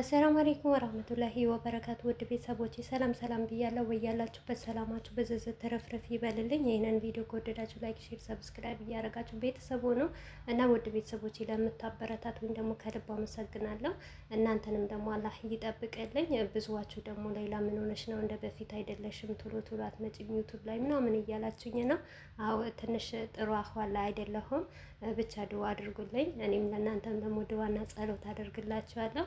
አሰላሙ አለይኩም ወራህመቱላሂ ወበረካቱ ውድ ቤተሰቦች ሰላም ሰላም ብያለሁ። ወያላችሁበት ሰላማችሁ በዘዘ ተረፍረፍ ይበልልኝ። ይህንን ቪዲዮ ከወደዳችሁ ላይክ፣ ሼር፣ ሰብስክራይብ እያደረጋችሁ ቤተሰቡ ነው እና ውድ ቤተሰቦች ለምታበረታት ወይም ደግሞ ከልብ አመሰግናለሁ። እናንተንም ደግሞ አላህ ይጠብቅልኝ። ብዙዋችሁ ደግሞ ሌላ ምን ሆነሽ ነው እንደ በፊት አይደለሽም ቶሎ ቶሎ አትመጪም ዩቱብ ላይ ምናምን እያላችሁኝ ነው። አዎ ትንሽ ጥሩ አኋላ አይደለሁም። ብቻ ድዋ አድርጉልኝ። እኔም ለእናንተም ደግሞ ድዋና ጸሎት አደርግላችኋለሁ።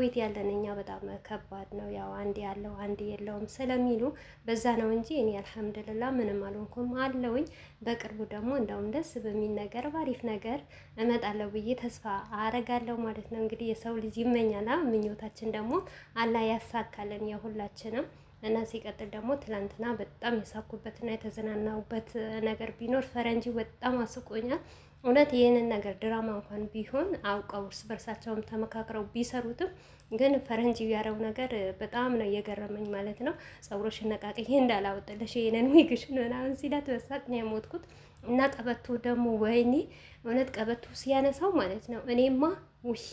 ቤት ያለን እኛ በጣም ከባድ ነው። ያው አንድ ያለው አንድ የለውም ስለሚሉ በዛ ነው እንጂ እኔ አልሐምድልላ ምንም አልሆንኩም አለውኝ። በቅርቡ ደግሞ እንደውም ደስ በሚል ነገር ባሪፍ ነገር እመጣለሁ ብዬ ተስፋ አረጋለሁ ማለት ነው። እንግዲህ የሰው ልጅ ይመኛላ። ምኞታችን ደግሞ አላ ያሳካልን የሁላችንም እና ሲቀጥል ደግሞ ትላንትና በጣም የሳኩበትና የተዝናናውበት ነገር ቢኖር ፈረንጂ በጣም አስቆኛል። እውነት ይህንን ነገር ድራማ እንኳን ቢሆን አውቀው እርስ በርሳቸውም ተመካክረው ቢሰሩትም ግን ፈረንጅ ያረው ነገር በጣም ነው እየገረመኝ ማለት ነው። ጸጉሮሽ ነቃቅ፣ ይህ እንዳላወጠለሽ ይህንን ዊግሽን ምናምን ሲላት በሳቅ ነው የሞትኩት። እና ቀበቶ ደግሞ ወይኔ እውነት ቀበቶ ሲያነሳው ማለት ነው እኔማ ውይ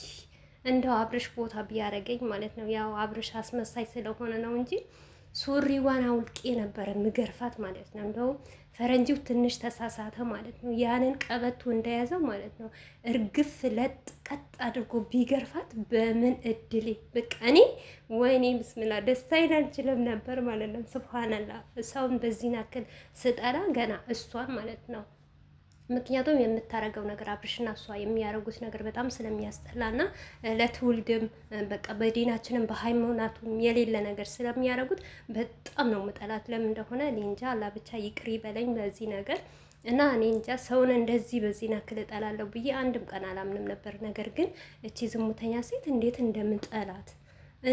እንደው አብርሽ ቦታ ቢያደርገኝ ማለት ነው። ያው አብርሽ አስመሳይ ስለሆነ ነው እንጂ ሱሪዋን አውልቄ ነበረ ምገርፋት ማለት ነው እንደውም ፈረንጂው ትንሽ ተሳሳተ ማለት ነው። ያንን ቀበቶ እንደያዘው ማለት ነው እርግፍ ለጥ ቀጥ አድርጎ ቢገርፋት በምን እድሌ በቃ እኔ ወይኔ ብስምላ ደስታዬን አልችልም ነበር ማለት ነው። ስብሃነላ ሰውን በዚህ ናክል ስጠራ ገና እሷን ማለት ነው ምክንያቱም የምታረገው ነገር አብርሽና እሷ የሚያደርጉት ነገር በጣም ስለሚያስጠላ ስለሚያስጠላና ለትውልድም በቃ በዲናችንም በሃይማኖቱም የሌለ ነገር ስለሚያደርጉት በጣም ነው ምጠላት። ለምን እንደሆነ እኔ እንጃ። አላህ ብቻ ይቅር ይበለኝ በዚህ ነገር እና እኔ እንጃ ሰውን እንደዚህ በዚህ ናክል እጠላለሁ ብዬ አንድም ቀን አላምንም ነበር። ነገር ግን እቺ ዝሙተኛ ሴት እንዴት እንደምጠላት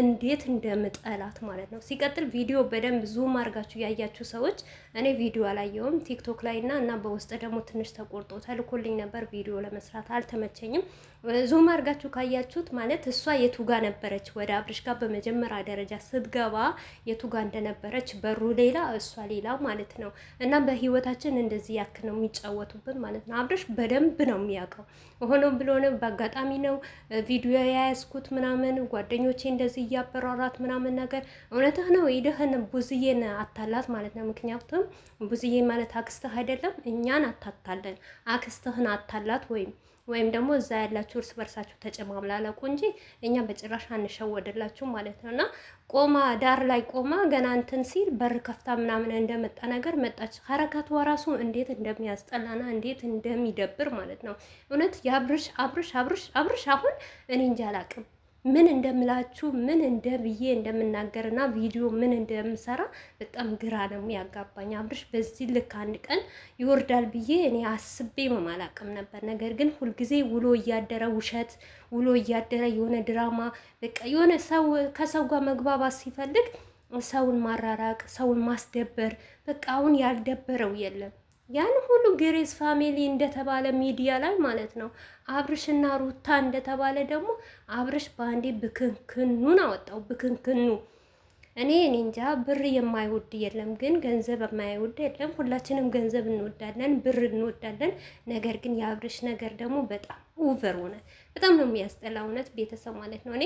እንዴት እንደምጠላት ማለት ነው። ሲቀጥል ቪዲዮ በደንብ ዙም አድርጋችሁ ያያችሁ ሰዎች እኔ ቪዲዮ አላየውም ቲክቶክ ላይ እና እና በውስጥ ደግሞ ትንሽ ተቆርጦ ተልኮልኝ ነበር ቪዲዮ ለመስራት አልተመቸኝም። ዙም አድርጋችሁ ካያችሁት ማለት እሷ የቱጋ ነበረች ወደ አብርሽ ጋር በመጀመሪያ ደረጃ ስትገባ የቱጋ እንደነበረች በሩ ሌላ እሷ ሌላ ማለት ነው። እና በህይወታችን እንደዚህ ያክ ነው የሚጫወቱብን ማለት ነው። አብርሽ በደንብ ነው የሚያውቀው። ሆኖ ብሎ ነው በአጋጣሚ ነው ቪዲዮ የያዝኩት ምናምን ጓደኞቼ እንደዚህ እያበራራት ምናምን ነገር እውነትህ ነው። ይደህን ቡዝዬን አታላት ማለት ነው። ምክንያቱም ቡዝዬ ማለት አክስትህ አይደለም። እኛን አታታለን፣ አክስትህን አታላት ወይም ወይም ደግሞ እዛ ያላችሁ እርስ በርሳችሁ ተጨማምላለቁ እንጂ እኛ በጭራሽ አንሸወድላችሁ ማለት ነው። እና ቆማ ዳር ላይ ቆማ ገና እንትን ሲል በር ከፍታ ምናምን እንደመጣ ነገር መጣች። ሀረካቷ ራሱ እንዴት እንደሚያስጠላና እንዴት እንደሚደብር ማለት ነው። እውነት የአብርሽ አብርሽ አብርሽ አብርሽ አሁን እኔ እንጃ አላቅም። ምን እንደምላችሁ ምን እንደ ብዬ እንደምናገርና ቪዲዮ ምን እንደምሰራ በጣም ግራ ነው ያጋባኝ። አብርሽ በዚህ ልክ አንድ ቀን ይወርዳል ብዬ እኔ አስቤ አላቅም ነበር። ነገር ግን ሁልጊዜ ውሎ እያደረ ውሸት፣ ውሎ እያደረ የሆነ ድራማ በቃ የሆነ ሰው ከሰው ጋር መግባባት ሲፈልግ ሰውን ማራራቅ፣ ሰውን ማስደበር በቃ አሁን ያልደበረው የለም። ያን ሁሉ ግሬስ ፋሚሊ እንደተባለ ሚዲያ ላይ ማለት ነው አብርሽና ሩታ እንደተባለ ደግሞ አብርሽ በአንዴ ብክንክኑን አወጣው። ብክንክኑ እኔ እኔ እንጃ ብር የማይወድ የለም፣ ግን ገንዘብ የማይወድ የለም። ሁላችንም ገንዘብ እንወዳለን፣ ብር እንወዳለን። ነገር ግን የአብርሽ ነገር ደግሞ በጣም ኦቨር ሆነ። በጣም ነው የሚያስጠላ እውነት ቤተሰብ ማለት ነው እኔ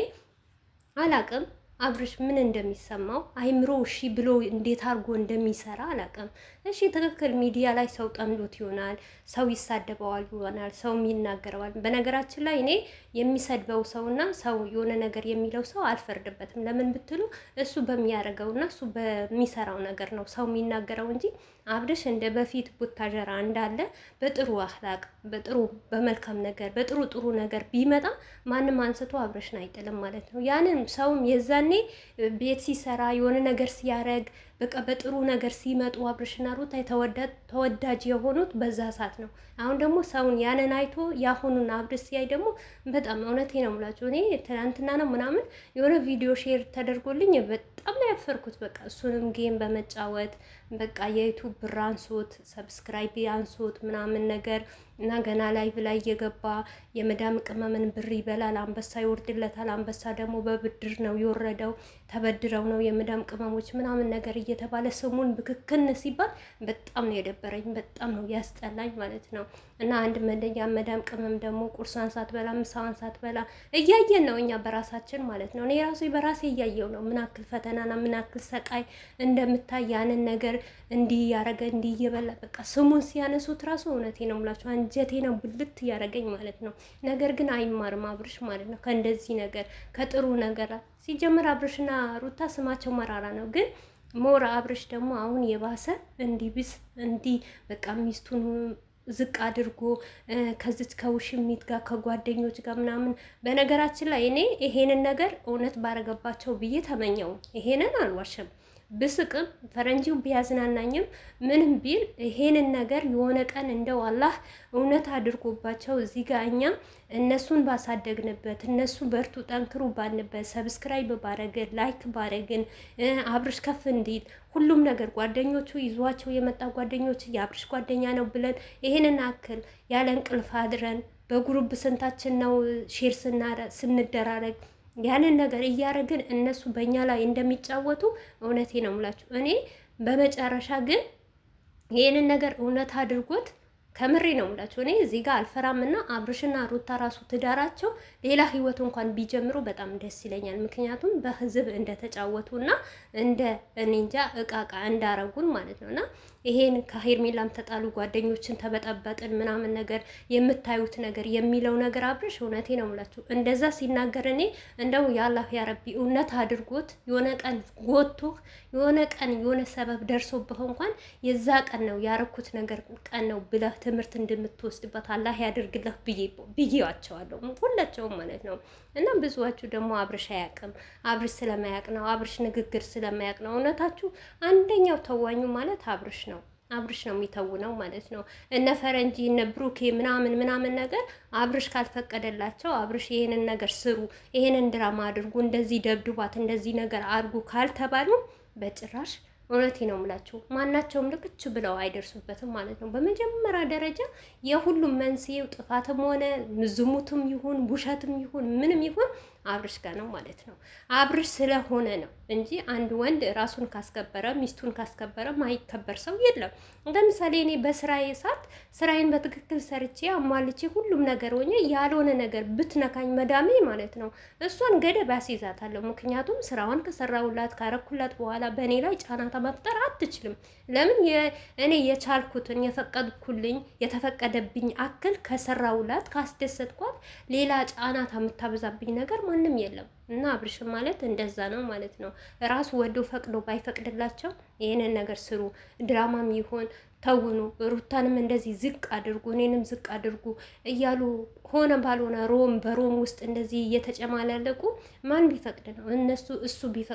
አላቅም አብርሽ ምን እንደሚሰማው አይምሮ እሺ ብሎ እንዴት አድርጎ እንደሚሰራ አላውቅም። እሺ ትክክል፣ ሚዲያ ላይ ሰው ጠምዶት ይሆናል፣ ሰው ይሳደበዋል ይሆናል፣ ሰውም ይናገረዋል። በነገራችን ላይ እኔ የሚሰድበው ሰውና ሰው የሆነ ነገር የሚለው ሰው አልፈርድበትም። ለምን ብትሉ እሱ በሚያደርገውና እሱ በሚሰራው ነገር ነው ሰው የሚናገረው እንጂ አብርሽ እንደ በፊት ቡታጀራ እንዳለ በጥሩ አህላቅ በጥሩ በመልካም ነገር በጥሩ ጥሩ ነገር ቢመጣ ማንም አንስቶ አብርሽን አይጥልም ማለት ነው። ያንን ሰውም የዛን ያኔ ቤት ሲሰራ የሆነ ነገር ሲያረግ በቃ በጥሩ ነገር ሲመጡ አብርሽና ሩታ ተወዳጅ የሆኑት በዛ ሰዓት ነው። አሁን ደግሞ ሰውን ያንን አይቶ ያሁኑን አብርሽ ሲያይ ደግሞ በጣም እውነቴ ነው የምላቸው። እኔ ትናንትና ነው ምናምን የሆነ ቪዲዮ ሼር ተደርጎልኝ በጣም ነው ያፈርኩት። በቃ እሱንም ጌም በመጫወት በቃ የዩቱብ ብር አንሶት ሰብስክራይብ አንሶት ምናምን ነገር እና ገና ላይቭ ላይ እየገባ የመዳም ቅመምን ብር ይበላል፣ አንበሳ ይወርድለታል። አንበሳ ደግሞ በብድር ነው የወረደው፣ ተበድረው ነው የመዳም ቅመሞች ምናምን ነገር እየተባለ ስሙን ብክክን ሲባል በጣም ነው የደበረኝ፣ በጣም ነው ያስጠላኝ ማለት ነው። እና አንድ መደያ መዳም ቅመም ደግሞ ቁርሷን ሳትበላ ምሳዋን ሳትበላ እያየን ነው እኛ በራሳችን ማለት ነው። እኔ ራሱ በራሴ እያየው ነው ምን አክል ፈተናና ምን አክል ሰቃይ እንደምታይ ያንን ነገር እንዲህ እያረገ እንዲህ እየበላ በቃ ስሙን ሲያነሱት ራሱ እውነቴ ነው የምላቸው አንጀቴ ነው ብልት እያረገኝ ማለት ነው። ነገር ግን አይማርም አብርሽ ማለት ነው ከእንደዚህ ነገር ከጥሩ ነገር ሲጀምር አብርሽና ሩታ ስማቸው መራራ ነው ግን ሞራ አብርሽ ደግሞ አሁን የባሰ እንዲብስ እንዲህ በቃ ሚስቱን ዝቅ አድርጎ ከዚች ከውሽሚት ጋር ከጓደኞች ጋር ምናምን። በነገራችን ላይ እኔ ይሄንን ነገር እውነት ባረገባቸው ብዬ ተመኘው። ይሄንን አልዋሸም። ብስቅም ፈረንጂው ቢያዝናናኝም ምንም ቢል ይሄንን ነገር የሆነ ቀን እንደው አላህ እውነት አድርጎባቸው እዚህ ጋ እኛ እነሱን ባሳደግንበት እነሱ በርቱ ጠንክሩ ባልንበት ሰብስክራይብ ባረግን ላይክ ባረግን አብርሽ ከፍ እንዲል ሁሉም ነገር ጓደኞቹ ይዟቸው የመጣ ጓደኞች የአብርሽ ጓደኛ ነው ብለን ይሄንን አክል ያለ እንቅልፍ አድረን በጉሩብ ስንታችን ነው ሼር ስናረ ስንደራረግ ያንን ነገር እያደረግን እነሱ በእኛ ላይ እንደሚጫወቱ እውነቴ ነው የምላችሁ። እኔ በመጨረሻ ግን ይህንን ነገር እውነት አድርጎት ከምሬ ነው የምላችሁ። እኔ እዚህ ጋር አልፈራምና አብርሽና ሩታ ራሱ ትዳራቸው ሌላ ህይወት እንኳን ቢጀምሩ በጣም ደስ ይለኛል። ምክንያቱም በህዝብ እንደተጫወቱ እንደ እኔ እንጃ እቃቃ እንዳረጉን ማለት ነው እና ይሄን ከሄርሜላም ተጣሉ፣ ጓደኞችን ተበጠበጥን፣ ምናምን ነገር የምታዩት ነገር የሚለው ነገር አብርሽ፣ እውነቴ ነው የምላችሁ እንደዛ ሲናገር እኔ እንደው ያላህ ያረቢ እውነት አድርጎት የሆነ ቀን ጎቶ የሆነ ቀን የሆነ ሰበብ ደርሶብህ እንኳን የዛ ቀን ነው ያረኩት ነገር ቀን ነው ብለህ ትምህርት እንደምትወስድበት አላህ ያደርግልህ ብዬዋቸዋለሁ፣ ሁላቸውም ማለት ነው። እና ብዙዋችሁ ደግሞ አብርሽ አያውቅም፣ አብርሽ ስለማያውቅ ነው፣ አብርሽ ንግግር ስለማያውቅ ነው። እውነታችሁ አንደኛው ተዋኙ ማለት አብርሽ ነው። አብርሽ ነው የሚተውነው ማለት ነው። እነ ፈረንጂ እነ ብሩኬ ምናምን ምናምን ነገር አብርሽ ካልፈቀደላቸው አብርሽ ይሄንን ነገር ስሩ፣ ይሄንን ድራማ አድርጉ፣ እንደዚህ ደብድቧት፣ እንደዚህ ነገር አድርጉ ካልተባሉ በጭራሽ እውነቴ ነው የምላቸው ማናቸውም ልክች ብለው አይደርሱበትም ማለት ነው። በመጀመሪያ ደረጃ የሁሉም መንስኤው ጥፋትም ሆነ ዝሙትም ይሁን ውሸትም ይሁን ምንም ይሁን አብርሽ ጋር ነው ማለት ነው። አብርሽ ስለሆነ ነው እንጂ አንድ ወንድ ራሱን ካስከበረ ሚስቱን ካስከበረ ማይከበር ሰው የለም። ለምሳሌ እኔ በስራዬ ሰዓት ስራዬን በትክክል ሰርቼ አሟልቼ ሁሉም ነገር ሆኜ ያልሆነ ነገር ብትነካኝ መዳሜ ማለት ነው እሷን ገደብ ያስይዛታለሁ። ምክንያቱም ስራዋን ከሰራሁላት ካረኩላት በኋላ በእኔ ላይ ጫናታ መፍጠር አትችልም። ለምን እኔ የቻልኩትን የፈቀድኩልኝ የተፈቀደብኝ አክል ከሰራሁላት ካስደሰትኳት ሌላ ጫናታ የምታበዛብኝ ነገር ማንም የለም እና አብርሽም ማለት እንደዛ ነው ማለት ነው። ራሱ ወዶ ፈቅዶ ባይፈቅድላቸው ይህንን ነገር ስሩ፣ ድራማም ይሆን ተውኑ፣ ሩታንም እንደዚህ ዝቅ አድርጉ፣ እኔንም ዝቅ አድርጉ እያሉ ሆነ ባልሆነ ሮም በሮም ውስጥ እንደዚህ እየተጨማላለቁ ማን ቢፈቅድ ነው እነሱ እሱ ቢፈቅድ